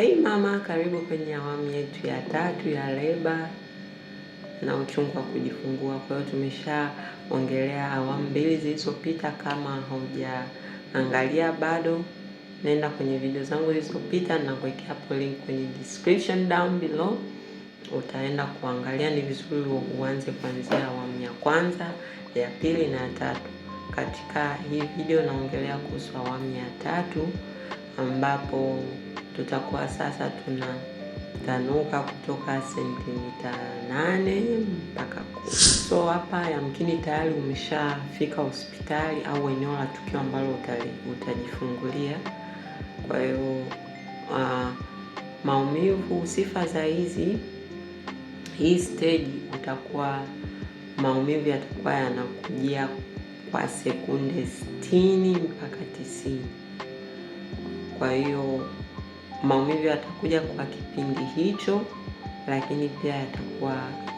Hey mama, karibu kwenye awamu yetu ya tatu ya leba na uchungu wa kujifungua. Kwa hiyo tumeshaongelea awamu mbili zilizopita, kama haujaangalia bado, nenda kwenye video zangu zilizopita na kuwekea hapo link kwenye description down below, utaenda kuangalia. Ni vizuri uanze kuanzia awamu ya kwanza, ya pili na ya tatu. Katika hii video naongelea kuhusu awamu ya tatu ambapo tutakuwa sasa tunatanuka kutoka sentimita nane mpaka So hapa yamkini tayari umeshafika hospitali au eneo la tukio ambalo utajifungulia. Kwa hiyo uh, maumivu, sifa za hizi hii stage utakuwa maumivu yatakuwa yanakujia kwa sekunde 60 mpaka tisini. Kwa hiyo maumivu yatakuja kwa kipindi hicho, lakini pia yatakuwa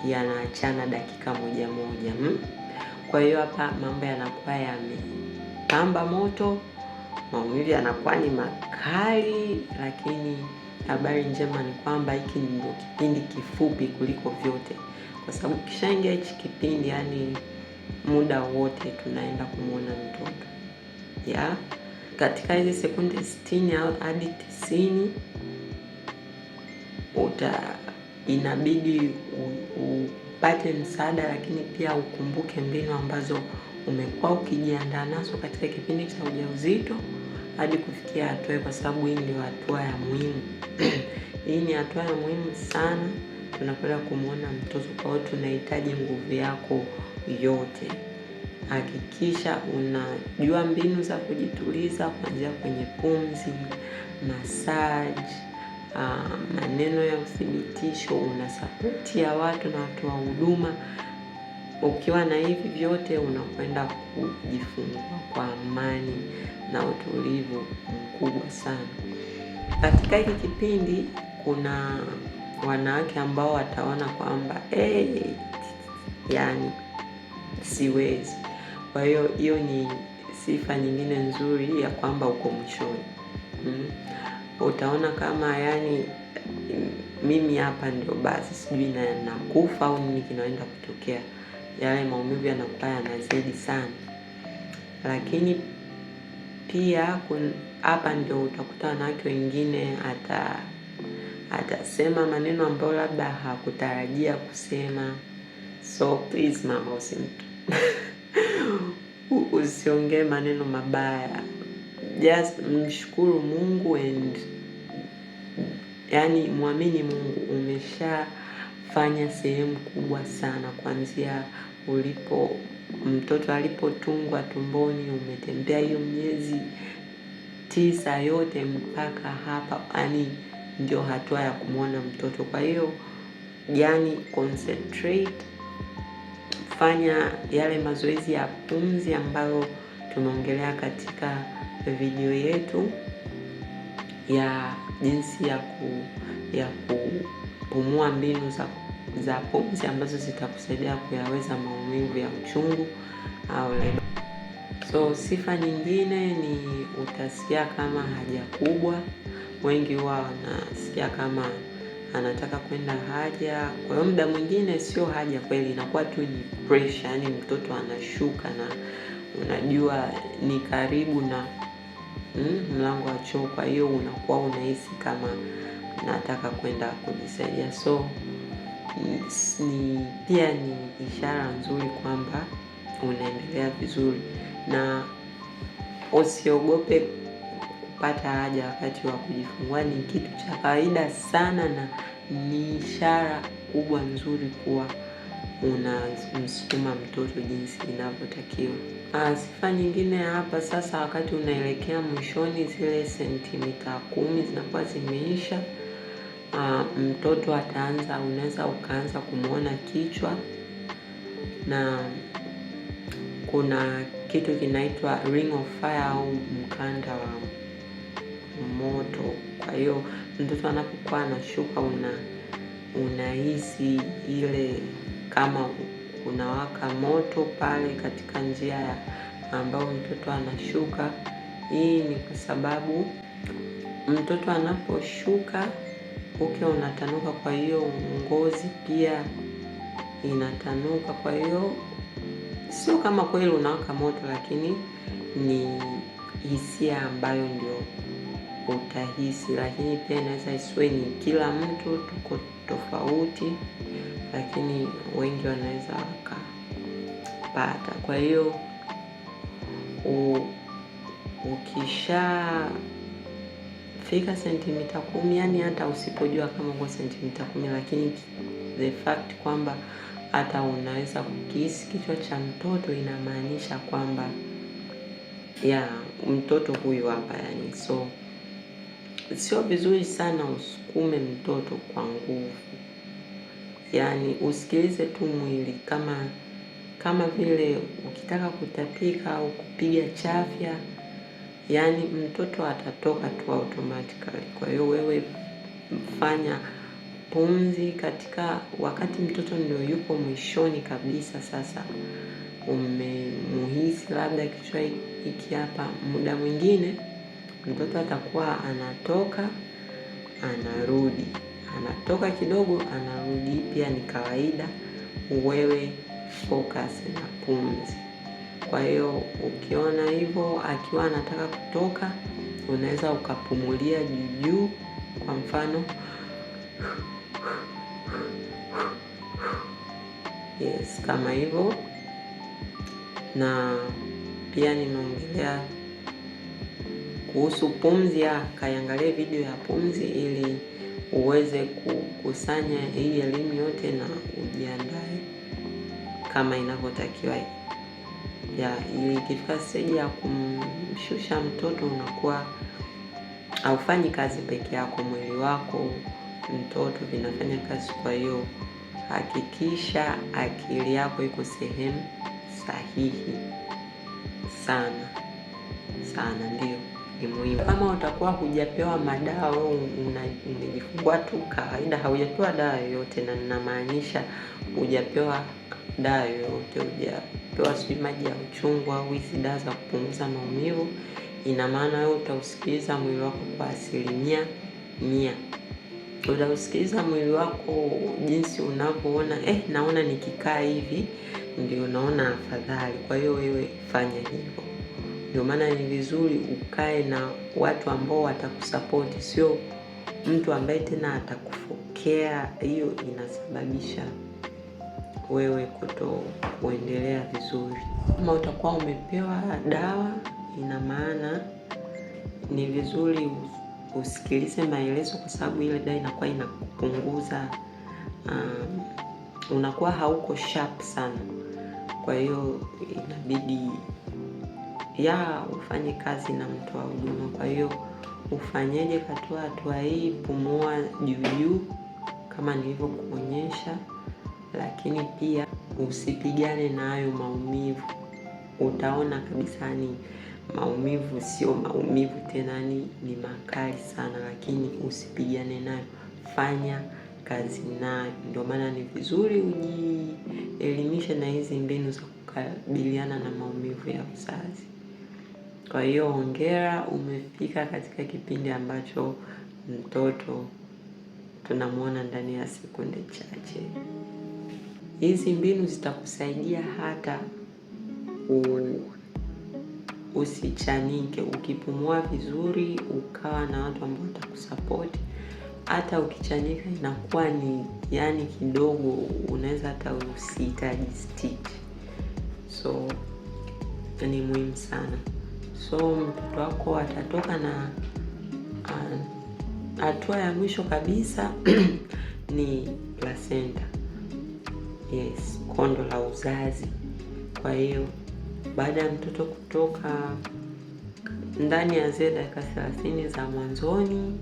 yanaachana dakika moja moja hmm. Kwa hiyo hapa mambo yanakuwa yamepamba moto, maumivu yanakuwa ni makali, lakini habari njema ni kwamba hiki ndio kipindi kifupi kuliko vyote, kwa sababu kishaingia hichi kipindi, yani muda wote tunaenda kumwona mtoto yeah katika hizi sekunde 60 au hadi 90 uta inabidi upate msaada, lakini pia ukumbuke mbinu ambazo umekuwa ukijiandaa nazo katika kipindi cha ujauzito hadi kufikia hatua, kwa sababu hii ndio hatua ya muhimu. Hii ni hatua ya muhimu sana, tunakwenda kumwona mtoto. Kwa hiyo tunahitaji nguvu yako yote hakikisha unajua mbinu za kujituliza kuanzia kwenye pumzi, masaj uh, ah, maneno ya uthibitisho, una sapoti ya watu na watu wa huduma. Ukiwa na hivi vyote, unakwenda kujifungua kwa amani na utulivu mkubwa sana. Katika hiki kipindi kuna wanawake ambao wataona kwamba hey, eh, yani siwezi kwa hiyo hiyo ni sifa nyingine nzuri ya kwamba uko mwishoni. Mm. Utaona kama yani mimi hapa ndio basi, sijui na nakufa au nini kinaenda kutokea, yale maumivu yanakuwa yanazidi sana. Lakini pia hapa ndio utakuta wanawake wengine hata atasema maneno ambayo labda hakutarajia kusema, so please mama usimtu usiongee maneno mabaya, just mshukuru Mungu and yani mwamini Mungu, umeshafanya sehemu kubwa sana, kuanzia ulipo mtoto alipotungwa tumboni, umetembea hiyo miezi tisa yote mpaka hapa, yani ndio hatua ya kumwona mtoto. Kwa hiyo yani concentrate kufanya yale mazoezi ya pumzi ambayo tumeongelea katika video yetu ya jinsi ya ku, ya kupumua mbinu za, za pumzi ambazo zitakusaidia kuyaweza maumivu ya uchungu au So sifa nyingine ni utasikia kama haja kubwa. Wengi huwa wanasikia kama anataka kwenda haja. Kwa hiyo muda mwingine sio haja kweli, inakuwa tu ni pressure, yani mtoto anashuka na unajua ni karibu na mm, mlango wa choo, kwa hiyo unakuwa unahisi kama nataka kwenda kujisaidia. So ni pia ni ishara nzuri kwamba unaendelea vizuri na usiogope kupata haja wakati wa kujifungua ni kitu cha kawaida sana, na ni ishara kubwa nzuri kuwa unamsukuma mtoto jinsi inavyotakiwa. Ah, sifa nyingine hapa sasa, wakati unaelekea mwishoni, zile sentimita kumi zinakuwa zimeisha. Ah, mtoto ataanza, unaweza ukaanza kumwona kichwa na kuna kitu kinaitwa ring of fire au mkanda wa moto. Kwa hiyo mtoto anapokuwa anashuka, una unahisi ile kama unawaka moto pale katika njia ya ambayo mtoto anashuka. Hii ni kwa sababu mtoto anaposhuka uke unatanuka, kwa hiyo ngozi pia inatanuka. Kwa hiyo sio kama kweli unawaka moto, lakini ni hisia ambayo ndio utahisi, lakini pia inaweza isiwe ni kila mtu, tuko tofauti, lakini wengi wanaweza wakapata. Kwa hiyo ukishafika sentimita kumi, yani hata usipojua kama uko sentimita kumi, lakini the fact kwamba hata unaweza kukihisi kichwa cha mtoto inamaanisha kwamba ya mtoto huyu hapa yani so sio vizuri sana usukume mtoto kwa nguvu, yaani usikilize tu mwili, kama kama vile ukitaka kutapika au kupiga chafya, yaani mtoto atatoka tu automatically. Kwa hiyo wewe fanya pumzi katika wakati mtoto ndio yupo mwishoni kabisa, sasa umemuhisi labda kichwa hiki hapa, muda mwingine mtoto atakuwa anatoka anarudi, anatoka kidogo anarudi. Pia ni kawaida wewe focus na pumzi. Kwa hiyo ukiona hivyo akiwa anataka kutoka, unaweza ukapumulia juu kwa mfano yes, kama hivyo. Na pia nimeongelea kuhusu pumzi ya kaiangalie video ya pumzi ili uweze kukusanya hii elimu yote na ujiandae kama inavyotakiwa. Ya ili ikifika steji ya kumshusha mtoto, unakuwa haufanyi kazi peke yako, mwili wako, mtoto vinafanya kazi. Kwa hiyo hakikisha akili yako iko sehemu sahihi sana sana, ndio ni muhimu. Kama utakuwa hujapewa madawa au umejifungua tu kawaida, haujapewa dawa yoyote, na ninamaanisha hujapewa dawa yoyote, hujapewa sijui maji ya uchungu au hizi dawa za kupunguza maumivu, ina maana wewe utausikiliza mwili wako kwa asilimia mia. Utausikiliza mwili wako jinsi unavyoona, eh, naona nikikaa hivi ndio naona afadhali, kwa hiyo wewe fanya hivyo. Ndio maana ni vizuri ukae na watu ambao watakusapoti, sio mtu ambaye tena atakufokea. Hiyo inasababisha wewe kuto kuendelea vizuri. Kama utakuwa umepewa dawa, ina maana ni vizuri usikilize maelezo, kwa sababu ile dawa inakuwa inakupunguza um, unakuwa hauko sharp sana, kwa hiyo inabidi ya ufanye kazi na wa huduma. Kwa hiyo ufanyeje katua hatua hii? Pumua juu juu kama nilivyokuonyesha, lakini pia usipigane nayo maumivu. Utaona kabisa ni maumivu sio maumivu tena, ni ni makali sana, lakini usipigane nayo, fanya kazi nayo. Ndio maana ni vizuri ujielimishe na hizi mbinu za kukabiliana na maumivu ya uzazi. Kwa hiyo hongera, umefika katika kipindi ambacho mtoto tunamwona ndani ya sekunde chache. Hizi mbinu zitakusaidia hata usichanike, ukipumua vizuri, ukawa na watu ambao watakusapoti. Hata ukichanika inakuwa ni yani kidogo, unaweza hata usihitaji stitch, so ni muhimu sana. So mtoto wako atatoka na ah, hatua ya mwisho kabisa ni placenta. Yes, kondo la uzazi. Kwa hiyo baada ya mtoto kutoka ndani ya zile dakika thelathini za mwanzoni,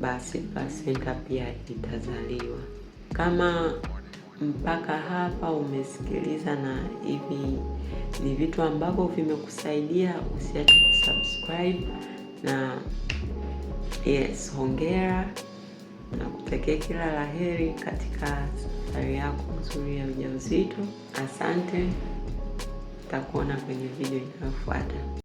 basi placenta pia itazaliwa kama mpaka hapa umesikiliza, na hivi ni vitu ambavyo vimekusaidia, usiache kusubscribe na yes, hongera na kutakia kila laheri katika safari yako nzuri ya ujauzito. Asante, tutakuona kwenye video inayofuata.